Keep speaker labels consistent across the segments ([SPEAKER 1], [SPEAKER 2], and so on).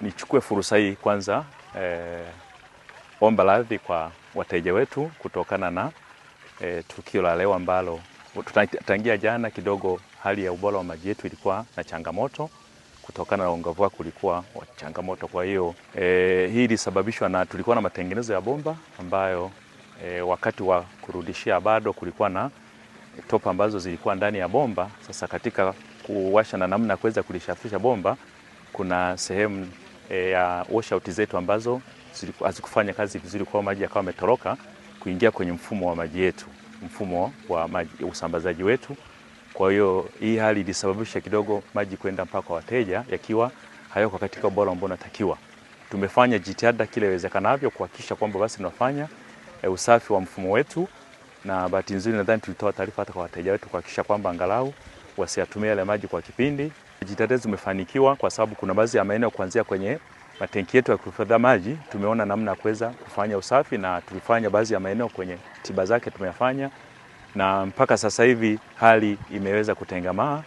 [SPEAKER 1] Nichukue fursa hii kwanza eh, omba radhi kwa wateja wetu kutokana na eh, tukio la leo ambalo tutatangia jana kidogo, hali ya ubora wa maji yetu ilikuwa na changamoto kutokana na unga kulikuwa wa changamoto. Kwa hiyo eh, hii ilisababishwa na tulikuwa na matengenezo ya bomba ambayo eh, wakati wa kurudishia bado kulikuwa na topa ambazo zilikuwa ndani ya bomba. Sasa katika kuwasha na namna kuweza kulishafisha bomba kuna sehemu e, ya washout zetu ambazo hazikufanya kazi vizuri, kwa maji yakawa yametoroka kuingia kwenye mfumo wa maji yetu, mfumo wa maji, usambazaji wetu. Kwa hiyo hii hali ilisababisha kidogo maji kwenda mpaka wateja yakiwa hayako katika ubora ambao unatakiwa. Tumefanya jitihada kile iwezekanavyo kuhakikisha kwamba basi tunafanya e, usafi wa mfumo wetu, na bahati nzuri nadhani tulitoa taarifa hata kwa wateja wetu kuhakikisha kwamba angalau wasiyatumia yale maji kwa kipindi. Jitihada zimefanikiwa kwa sababu kuna baadhi ya maeneo kuanzia kwenye matenki yetu ya kuhifadhia maji tumeona namna ya kuweza kufanya usafi, na tulifanya baadhi ya maeneo kwenye tiba zake tumeyafanya, na mpaka sasa hivi hali imeweza kutengamaa,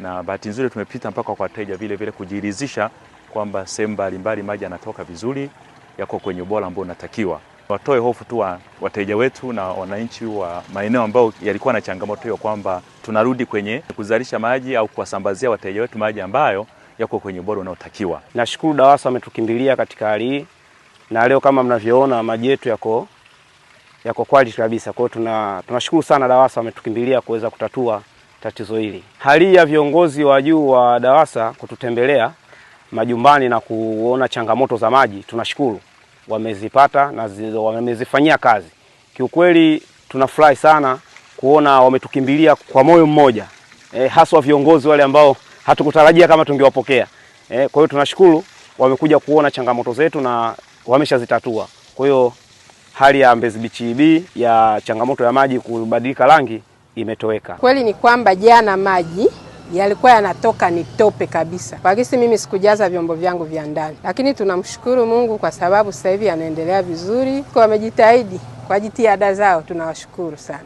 [SPEAKER 1] na bahati nzuri tumepita mpaka kwa wateja vile vile kujiridhisha kwamba sehemu mbalimbali maji yanatoka vizuri, yako kwenye ubora ambao unatakiwa watoe hofu tu wateja wetu na wananchi wa maeneo ambayo yalikuwa na changamoto hiyo, kwamba tunarudi kwenye kuzalisha maji au kuwasambazia wateja wetu maji ambayo yako kwenye ubora unaotakiwa.
[SPEAKER 2] Nashukuru DAWASA ametukimbilia katika hali hii, na leo kama mnavyoona maji yetu yako yako quality kabisa. Kwa hiyo tuna tunashukuru sana DAWASA wametukimbilia kuweza kutatua tatizo hili. Hali ya viongozi wa juu wa DAWASA kututembelea majumbani na kuona changamoto za maji tunashukuru wamezipata na wamezifanyia kazi. Kiukweli tunafurahi sana kuona wametukimbilia kwa moyo mmoja e, haswa viongozi wale ambao hatukutarajia kama tungewapokea e. Kwa hiyo tunashukuru wamekuja kuona changamoto zetu na wameshazitatua. Kwa hiyo hali ya Mbezi Beach B ya changamoto ya maji kubadilika rangi imetoweka.
[SPEAKER 3] Kweli ni kwamba jana maji yalikuwa yanatoka ni tope kabisa. Kwa kisi mimi sikujaza vyombo vyangu vya ndani, lakini tunamshukuru Mungu kwa sababu sasa hivi yanaendelea vizuri, kwa wamejitahidi kwa jitihada zao, tunawashukuru sana.